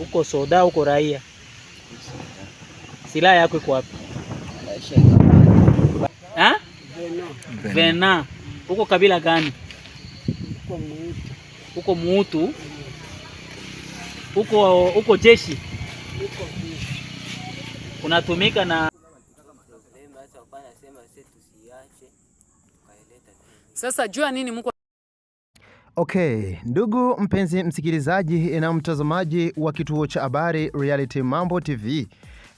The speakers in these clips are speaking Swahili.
Uko soda, uko raia, silaha yako iko wapi? Vena, uko kabila gani? Uko muutu? Uko, muutu? uko jeshi? Unatumika na sasa jua nini mko Okay, ndugu mpenzi msikilizaji na mtazamaji wa kituo cha habari Reality Mambo TV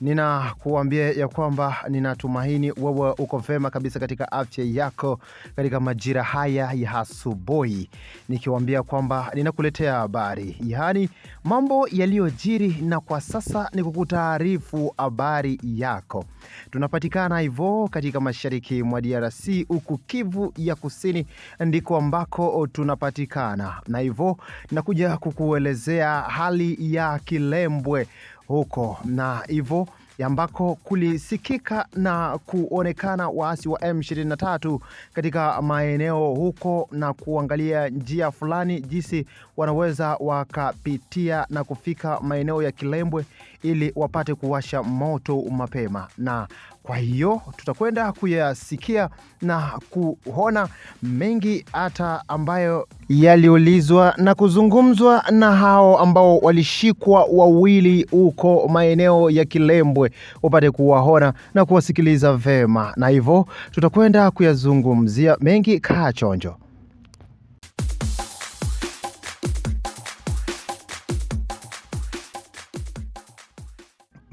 ninakuambia ya kwamba ninatumaini wewe uko vema kabisa katika afya yako katika majira haya ya asubuhi, nikiwaambia kwamba ninakuletea habari, yaani mambo yaliyojiri, na kwa sasa ni kukutaarifu habari yako. Tunapatikana hivyo katika mashariki mwa DRC, huku Kivu ya kusini ndiko ambako tunapatikana, na hivyo nakuja kukuelezea hali ya Kilembwe huko na hivyo ambako kulisikika na kuonekana waasi wa M23 katika maeneo huko na kuangalia njia fulani jinsi wanaweza wakapitia na kufika maeneo ya Kilembwe ili wapate kuwasha moto mapema na kwa hiyo tutakwenda kuyasikia na kuona mengi hata ambayo yaliulizwa na kuzungumzwa na hao ambao walishikwa wawili huko maeneo ya Kilembwe, upate kuwaona na kuwasikiliza vema, na hivyo tutakwenda kuyazungumzia mengi. Kaa chonjo.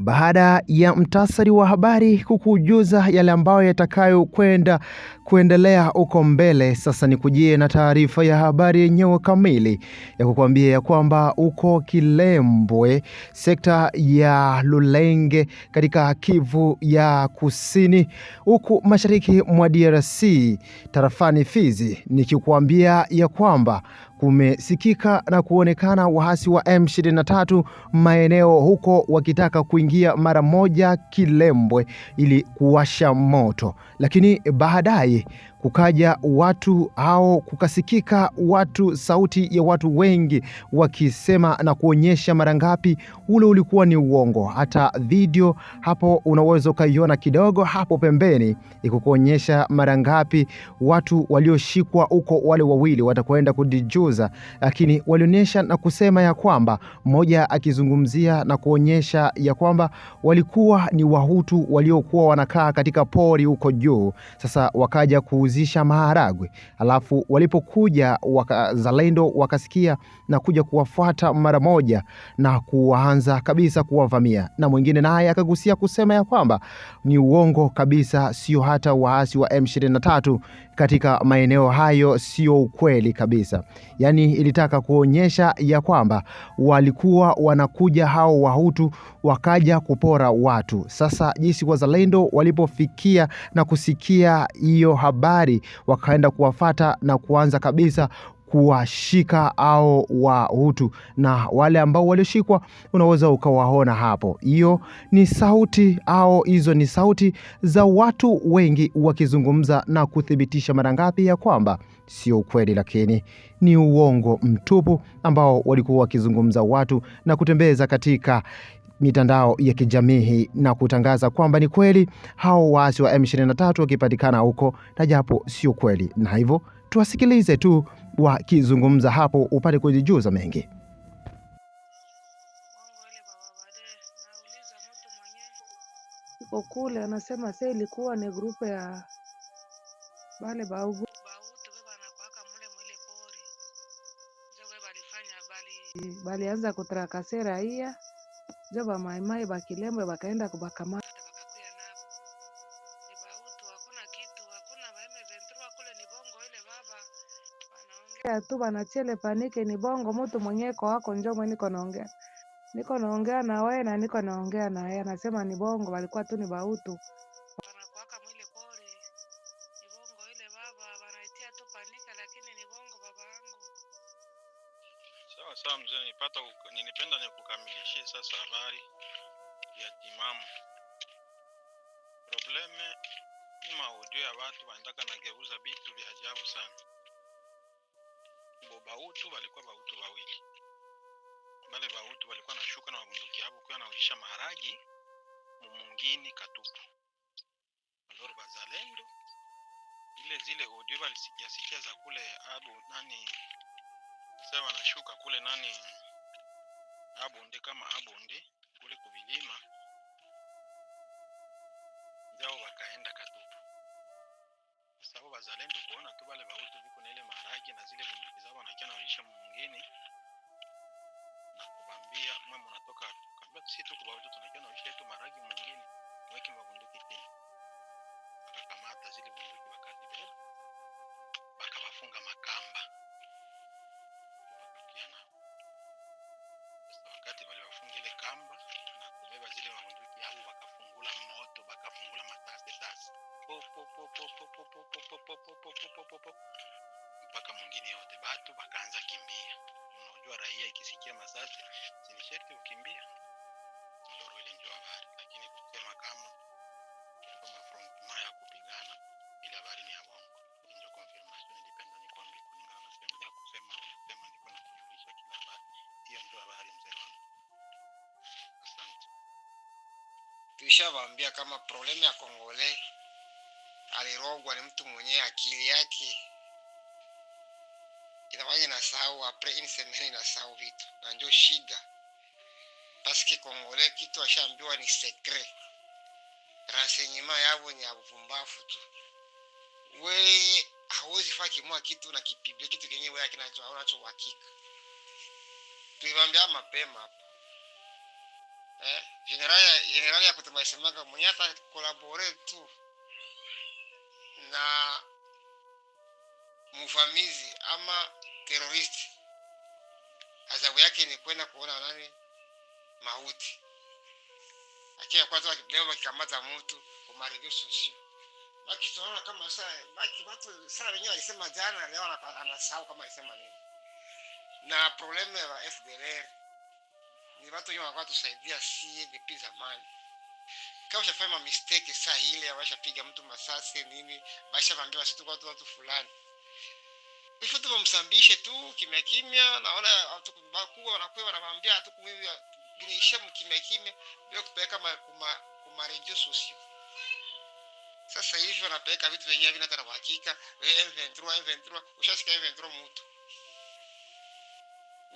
baada ya mtasari wa habari kukujuza yale ambayo yatakayokwenda kuendelea huko mbele. Sasa nikujie na taarifa ya habari yenyewe kamili ya kukuambia ya kwamba huko Kilembwe, sekta ya Lulenge katika Kivu ya Kusini, huku mashariki mwa DRC, tarafani Fizi, nikikuambia ya kwamba kumesikika na kuonekana waasi wa M23 maeneo huko wakitaka kuingia mara moja Kilembwe ili kuwasha moto, lakini baadaye kukaja watu au kukasikika watu, sauti ya watu wengi wakisema na kuonyesha mara ngapi ule ulikuwa ni uongo. Hata video hapo unaweza ukaiona kidogo hapo pembeni, ikukuonyesha mara ngapi watu walioshikwa huko, wale wawili watakwenda kudijuza, lakini walionyesha na kusema ya kwamba mmoja akizungumzia na kuonyesha ya kwamba walikuwa ni Wahutu waliokuwa wanakaa katika pori huko juu. Sasa wakaja kuuzi kuanzisha Maharagwe. Alafu walipokuja wazalendo wakasikia na kuja kuwafuata mara moja na kuanza kabisa kuwavamia, na mwingine naye akagusia kusema ya kwamba ni uongo kabisa, sio hata waasi wa M23 katika maeneo hayo sio ukweli kabisa. Yaani ilitaka kuonyesha ya kwamba walikuwa wanakuja hao Wahutu wakaja kupora watu. Sasa jinsi wazalendo walipofikia na kusikia hiyo habari, wakaenda kuwafata na kuanza kabisa kuwashika au Wahutu na wale ambao walishikwa unaweza ukawaona hapo. Hiyo ni sauti au hizo ni sauti za watu wengi wakizungumza na kuthibitisha mara ngapi ya kwamba sio ukweli, lakini ni uongo mtupu ambao walikuwa wakizungumza watu na kutembeza katika mitandao ya kijamii na kutangaza kwamba ni kweli hao waasi wa M23 wakipatikana huko, na japo sio kweli, na hivyo tuwasikilize tu wakizungumza hapo, upate kujijuza mengi. Kule anasema se ilikuwa ni grupu ya bale baugu balianza kutraka hiya jo bamaimai bakilembwe bakaenda kubakama naongea tu banachele panike ni bongo mutu mwenye ko wako njomo, niko naongea niko naongea na wewe na niko naongea na yeye, anasema ni bongo, walikuwa tu ni bautu Sawa mzee, nikukamilishie sasa habari ya timamu. Probleme ya watu wanataka nageuza vitu vya ajabu sana. Bahutu walikuwa Bahutu wawili. Wale Bahutu walikuwa nashuka na mabunduki yao kwa naujisha maharagi mumungini katupu. Malori bazalendo ile zile odio walisikia za kule abu nani sasa wanashuka kule nani Abunde kama Abunde kule kuvilima wazalendo kuona tu wale vautu viko na ile maragi na zile bunduki zao wanakia naonyesha mwingine na kubambia mwe mnatoka kambia sisi kwa watu tunakia naonyesha yetu maragi mwingine weke mabunduki tena wakakamata zile bunduki wakazibeba wakawafunga makamba wakapiana sasa wakati waliwafunga ile kamba na kubeba zile mabunduki yao wakafungula moto wakafungula matasitasi mpaka mwingine yote, batu bakaanza kimbia. Unajua raia ikisikia masasi ni ukimbia, ndoro ile habari, lakini kusema kama kama ya kupigana ile habari ni confirmation ilipenda kulingana na sehemu ya kusema sema, niko na kujulisha kila habari hiyo, habari mzee wangu. Asante, kama ya Kongole alirogwa ni mtu mwenyewe, akili yake inafanya sahau apre insemeni na sahau vitu, na ndio shida paske Kongole kitu ashaambiwa ni sekre rasenyima yavo ni avumbafu tu. We hawezi faa kimua kitu na kipibia kitu kenye wewe kinacho unacho uhakika. tuivambia mapema hapa eh, generali generali ya kutumaisemaka mwenye hata kolabore tu na mvamizi ama teroristi, adhabu yake ni kwenda kuona nani mauti. Lakini ya kwanza leo wakikamata mtu kumarejesho sio baki, tunaona kama saa baki watu saa wenyewe alisema jana, leo anasahau kama alisema nini. Na problemu ya FDLR ni watu wenyewe wanakuwa tusaidia si vipi zamani kama ushafanya ma mistake saa ile ameshapiga mtu masasi nini, ameshavambiwa wasitu kwa watu watu fulani, before tu msambishe tu kimya kimya. Naona watu wakubwa wanakuwa wanamwambia hatu kumwambia gnisha mkimya kimya, bila kupeleka ma kuma kumarenjo sosio. Sasa hivi wanapeleka vitu vyenyewe vina tara uhakika eh, M23 M23, ushasikia M23 mtu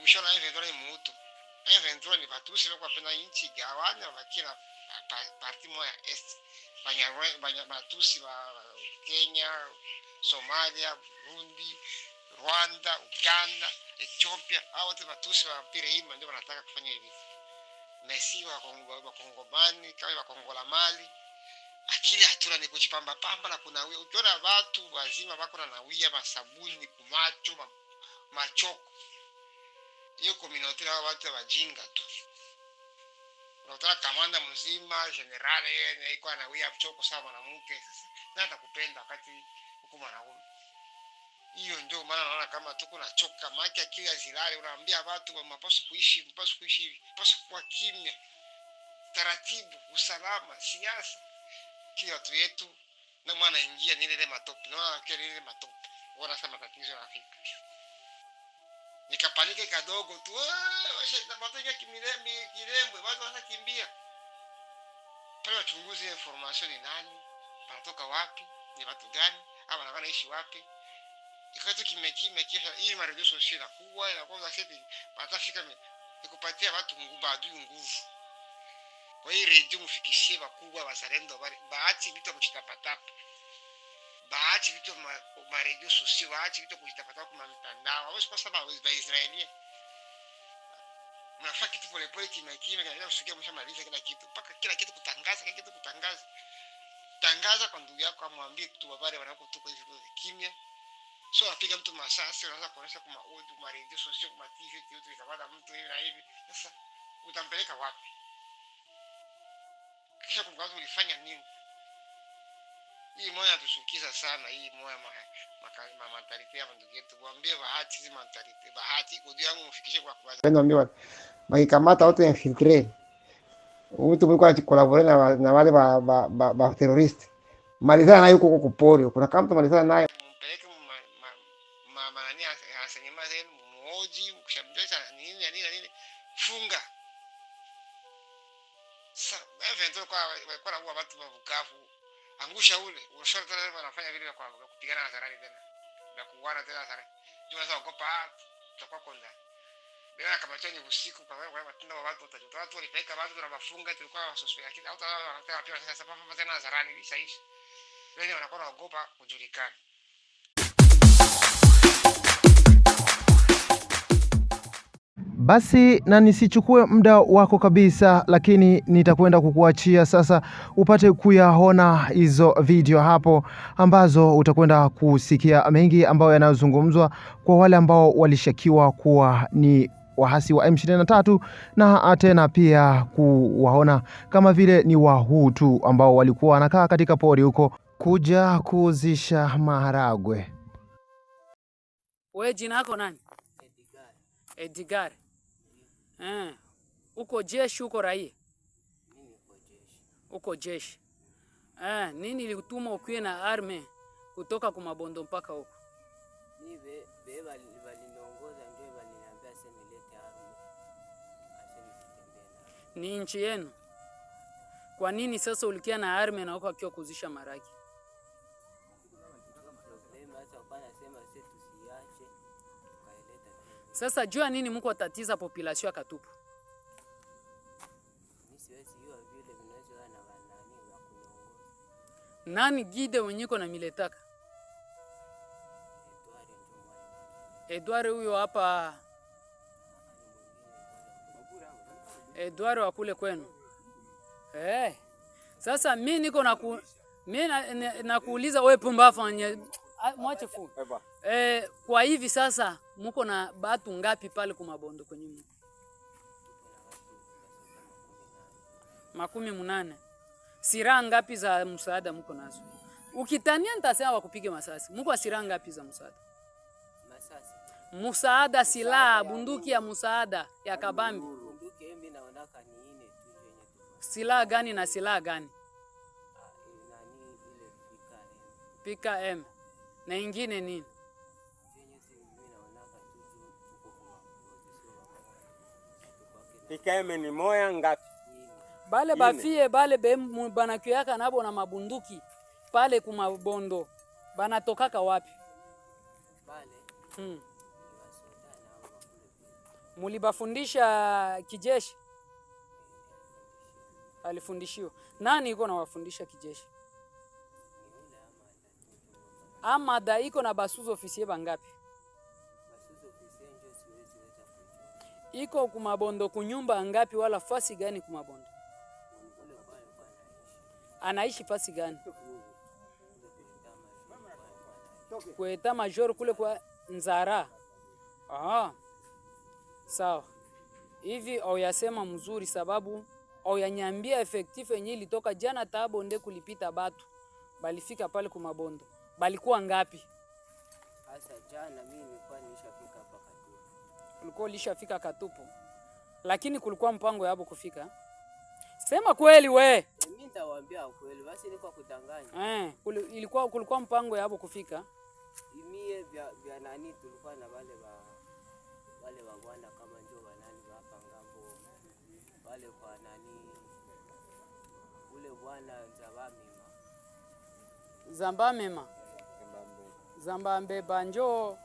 ushona M23 ni mtu M23 ni Batusi, wako wapenda nchi gawanya wakila parti moja East, Banyatusi ba, Kenya, Somalia, Burundi, Rwanda, Uganda, Ethiopia, hao ah, wote Batusi wa hima ndio wanataka kufanya hivi na si Wakongomani kawa Wakongola mali akili hatuna ni kuchipamba pamba na kunawia. Ukiona watu wazima wako na nawia masabuni kumacho machoko, hiyo komunati watu wajinga tu unakutana kamanda mzima generali yeye anaikuwa anawia mchoko sana mwanamke, sasa na atakupenda wakati huko mwanaume. Hiyo ndio maana naona kama tuko na choka maki akili azilale, unaambia watu mapaswa kuishi, mpaswa kuishi, mpaswa kuwa kimya, taratibu, usalama, siasa, kila watu yetu na mwana ingia nile ile matope, naona kile ile matope, wanasema tatizo lafika nikapanike kadogo tu, kirembwe watu wanakimbia pale. Wachunguzi information ni nani, wanatoka wapi, ni watu gani, au wanaishi wapi? Ikatu kimya kimya, kisha hii maredio sio inakuwa inakuwa za seti, watafika nikupatia watu nguvu, adui nguvu. Kwa hiyo redio mfikishie wakubwa wazalendo, bahati vitu mchitapatapa Bahati vitu marejesho, sio waache vitu kujitapata kwa mitandao. Hawezi kwa sababu za Israeli. Mnafaa kitu pole pole kimya kimya, kana kusikia mshamaliza kila kitu, mpaka kila kitu kutangaza, kila kitu kutangaza. Tangaza kwa ndugu yako, amwambie kitu wabare wanakotoka hivi kwa kimya. So apiga mtu masasi, unaanza kuonesha kwa audio, marejesho sio kwa TV, yote ikapata mtu hivi hivi. Sasa utampeleka wapi? Kisha kumkaza ulifanya nini? Hii moyo atushukiza sana hii moyo ma mentality ya ndugu yetu, mwambie bahati hizi mentality bahati ujio yangu mfikishe kwa kwa yaani wenzao, ndio makikamata watu ya mtu mko na collaborate na na wale ba ba ba, ba terrorist malizana nayo huko kupori kuna kama malizana nayo mpeleke ma ma ma nani asenyema zenu mmoji ukishamjaza nini nini nini funga sasa, evento kwa kwa kwa watu wa Bukavu angusha ule unashona tena lazima anafanya vile kwa kupigana na hadharani tena na kuuana tena hadharani. Jua sasa ukopa tutakuwa kwanza bila kama chenye usiku kwa sababu kwa tunda watu watajuta watu walipeka watu na mafunga tulikuwa wasuspect lakini hata pia sasa pamoja tena hadharani hii sasa hivi. Wengine yaani wanakuwa wanaogopa kujulikana. Basi na nisichukue muda wako kabisa, lakini nitakwenda kukuachia sasa upate kuyaona hizo video hapo, ambazo utakwenda kusikia mengi ambayo yanayozungumzwa kwa wale ambao walishakiwa kuwa ni wahasi wa M23 na tena pia kuwaona kama vile ni Wahutu ambao walikuwa wanakaa katika pori huko kuja kuuzisha maharagwe. Wewe jina lako nani? Edgar. Edgar. Eh, uko jeshi uko raia? Mimi uko jeshi. Uko jeshi. Eh, nini ilikutuma ukue na army kutoka kwa Mabondo mpaka huko? Ni be, be bali baliongoza ndio baliniambia sema nilete army. Ni nchi yenu. Kwa nini sasa ulikia na army na huko akiwa kuzisha maraki? problem hata hapana sema sisi sasa jua nini mko tatiza population ya Katupu? Nani gide wenyiko na miletaka? Edware huyo hapa. Edware wa kule kwenu. Eh. Sasa mi niko na ku... mi nakuuliza na wewe pumbafu Ah, mwache fu eh, kwa hivi sasa muko na batu ngapi pale kumabondo kwenye muko? makumi munane. siraha ngapi za msaada muko nazo? Ukitania nitasema wakupige masasi. Muko silaha ngapi za msaada? Masasi. Musaada, silaha, bunduki ya musaada ya kabambi. Silaha gani na silaha gani? M na ingine nini? moya ngapi bale bafie bale banakuyaka nabo na mabunduki pale kumabondo banatokaka wapi? hmm. mulibafundisha kijeshi? alifundishiwa nani iko nawafundisha kijeshi? amada iko na basuzi ofisie bangapi? iko kumabondo kunyumba angapi, wala fasi gani kumabondo? Anaishi fasi gani? Kweta major kule kwa Nzara. Aha. Sawa. Hivi au yasema mzuri sababu au yanyambia efektifu ilitoka jana tabonde kulipita batu balifika pale kumabondo balikuwa ngapi? Sasa jana mimi nilikuwa nishafika hapa Katupu. Ulikuwa ulishafika Katupu, lakini kulikuwa mpango yabo kufika. Sema kweli we. Eh, mimi nitawaambia kweli, basi ni kwa kudanganya. Eh, ilikuwa kulikuwa mpango yabo kufika. Imie vya, vya nani tulikuwa na wale wa wale wa Rwanda kama ndio wa nani wa hapa ngambo. Wale kwa nani? Ule bwana Zambamema. Zambamema. Zambambe banjo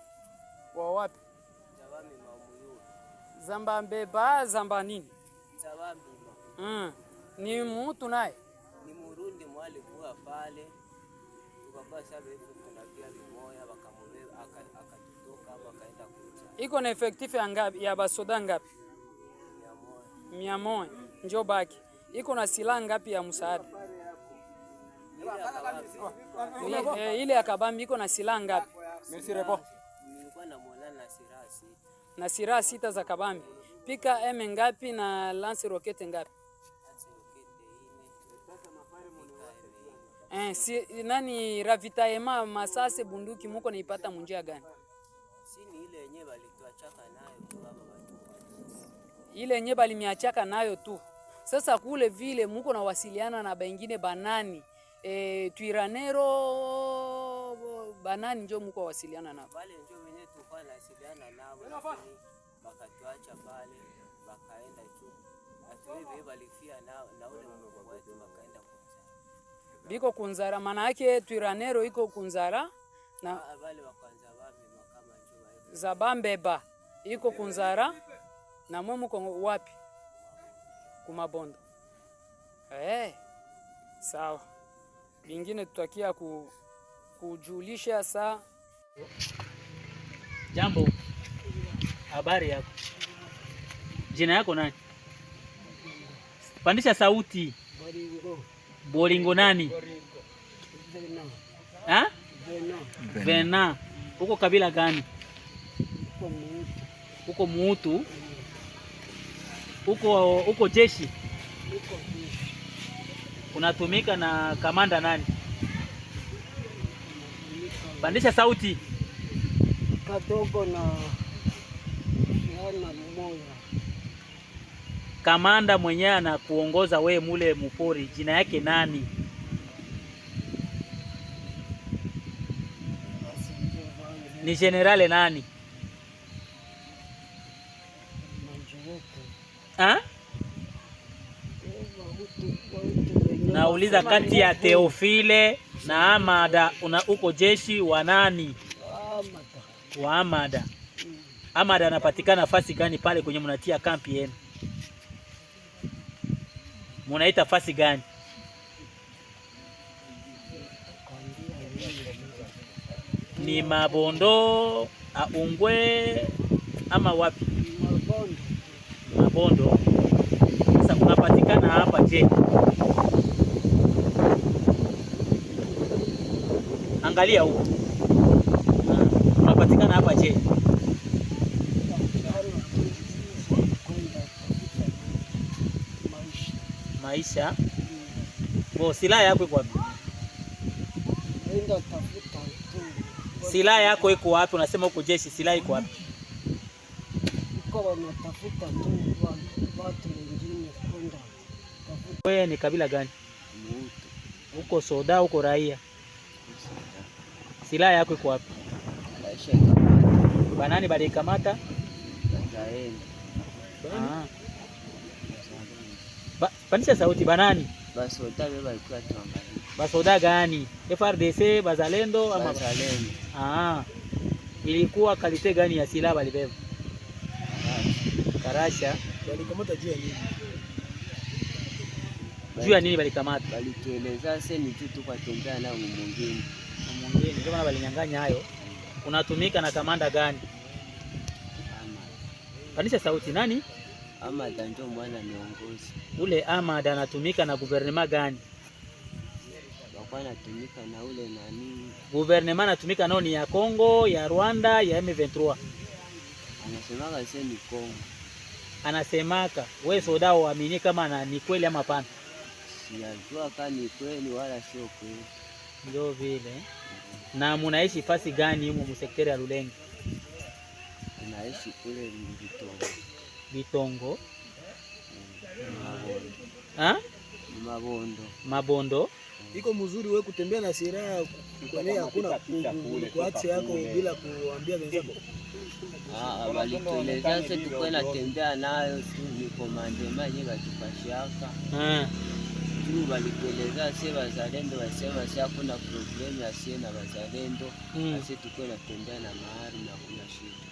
wa wapi? Zambambe ba zamba nini? Mm. Ni mutu naye ni Murundi mwalikuwa pale iko na effective ya ngapi? Ya basoda ngapi? mia moja. Njo baki iko na silaha ngapi ya msaada? Eh, ile, ya akabambi iko na silaha ngapi? na silaha sita za kabambi, pika M ngapi na lance rokete ngapi? Eh, si, nani ravitaema masase bunduki muko naipata munjia gani? ile yenye balimiachaka nayo tu. Sasa kule vile muko nawasiliana na bengine banani e, Twiranero banani njo mko wasiliana na pale, njo wenyewe tulikuwa nasiliana nao, ah. lakini bakatuacha pale, bakaenda tu atuwe walifia nao na ule Mungu wetu wakaenda Kunzara, biko Kunzara, maana yake Twiranero iko Kunzara na ah, wale wa kwanza kama njo Zabambeba iko Kunzara na mwe mko wapi? Kumabondo eh, sawa vingine tutakia ku, kujulisha saa. Jambo, habari yako? Jina yako nani? Pandisha sauti. bolingo nani? Ha? Vena. Uko kabila gani? Uko muutu. Uko muutu. Uko, uko jeshi. Uko unatumika na kamanda nani? Bandisha sauti kadogo na kamanda mwenyewe anakuongoza we mule mupori, jina yake nani? Ni generale nani? Akauliza, kati ya teofile na Amada una uko jeshi wa nani? Wa Amada. Amada anapatikana nafasi gani pale kwenye mnatia kampi yenu? Munaita fasi gani? Ni Mabondo Aungwe ama wapi? Mabondo. Sasa unapatikana hapa je? angalia huko unapatikana hapa je? Maisha bo, silaha yako iko wapi? Silaha yako iko wapi? Unasema huko jeshi, silaha iko wapi? Wewe ni kabila gani? Uko soda, uko raia? silaha yako iko wapi? Banani balaikamata ba, panisha sauti banani basoda gani? FRDC bazalendo ama bazalendo? Ah, ilikuwa kalite gani ya silaha balibeba? Karasha. Balikamata juu ya nini? Juu ya nini balikamata? Balitueleza sasa ni tu kwa tukatembea na mwingine yeye ndio maana walinyang'anya hayo. Unatumika na kamanda gani? Kanisa sauti nani? Ahmad ndio mwana niongozi. Ule Ahmad anatumika na guvernema gani? Anatumika na ule nani? Guvernema anatumika nao ni ya Kongo, ya Rwanda, ya M23. Anasemaka sasa ni Kongo. Anasemaka wewe soda uamini kama na ni kweli ama pana? Sijajua kama ni kweli wala sio kweli. Ndio vile na munaishi fasi gani humu msekteri ya Lulenge? Tunaishi kule Bitongo. Bitongo. Ha? Mabondo. Mabondo. Iko mzuri wewe kutembea na silaha kwani hakuna kuacha yako bila kuambia wenzako. Ah, bali tunaweza sasa tukwenda tembea nayo siku ni komande maji katupashaka. Ah juu sie wazalendo hakuna problemu na wazalendo hmm. tukuwe natembea na na shida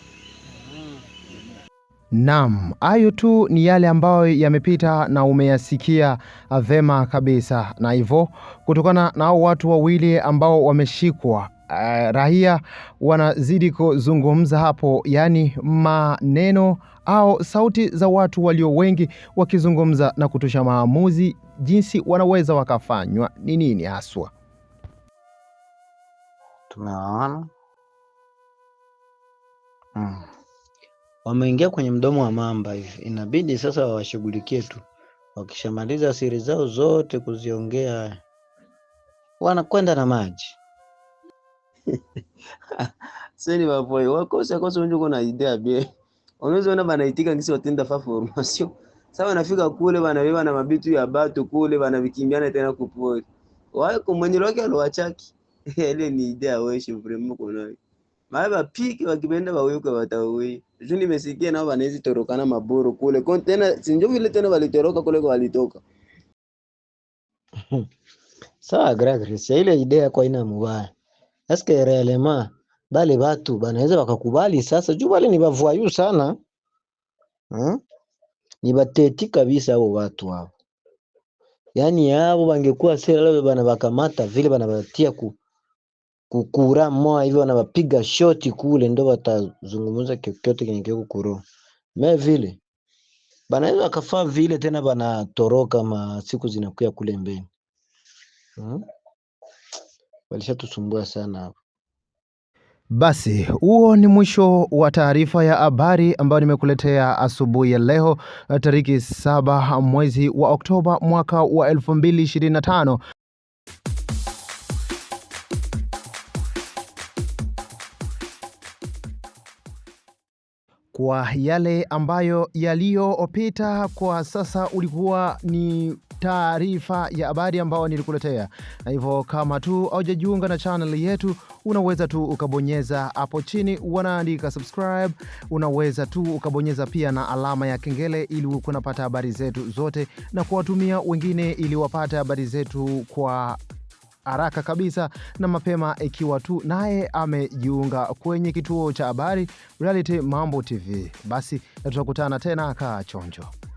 Naam, hayo tu ni yale ambayo yamepita na umeyasikia uh, vema kabisa, na hivyo kutokana na hao watu wawili ambao wameshikwa Eh, raia wanazidi kuzungumza hapo, yaani maneno au sauti za watu walio wengi wakizungumza na kutosha maamuzi jinsi wanaweza wakafanywa ni nini haswa. Tumewaona hmm. Wameingia kwenye mdomo wa mamba hivi, inabidi sasa wawashughulikie tu. Wakishamaliza siri zao zote kuziongea, wanakwenda na maji seli bapoye wakose akose unje uko na idea bie unaweza ona banaitika ngisi watenda fa formation sasa wanafika kule wanabeba na mabitu ya batu kule wanavikimbiana tena kupoi wao mwenye wake alowachaki ile ni idea weshi vremu kunayo mara ba bapike wakipenda waweke watawe juu nimesikia nao wanaweza torokana maboro kule kwa tena sinjo vile tena walitoroka kule kwa walitoka sawa Gregory ile idea kwa ina mubaya eske realema bale batu banaweza bakakubali sasa juu bale ni bavayu sana hmm? ni bateti kabisa abo batu hao yaani abo bangekuwa sera leo bana bakamata vile banabatia ku kukura moa hivyo wanabapiga shoti kule ndo batazungumza kyote kenye kiko kuro me vile banaweza wakafaa vile tena banatoroka ma siku zinakuya kule mbele hmm? Walishatusumbua sana hapo. Basi huo ni mwisho wa taarifa ya habari ambayo nimekuletea asubuhi ya leo eh, tariki saba mwezi wa Oktoba mwaka wa 2025. Kwa yale ambayo yaliyopita kwa sasa, ulikuwa ni taarifa ya habari ambayo nilikuletea. Na hivyo kama tu haujajiunga na chaneli yetu, unaweza tu ukabonyeza hapo chini wanaandika subscribe. Unaweza tu ukabonyeza pia na alama ya kengele ili kunapata habari zetu zote na kuwatumia wengine ili wapate habari zetu kwa haraka kabisa na mapema, ikiwa tu naye amejiunga kwenye kituo cha habari Reality Mambo TV. Basi na tutakutana tena, kaa chonjo.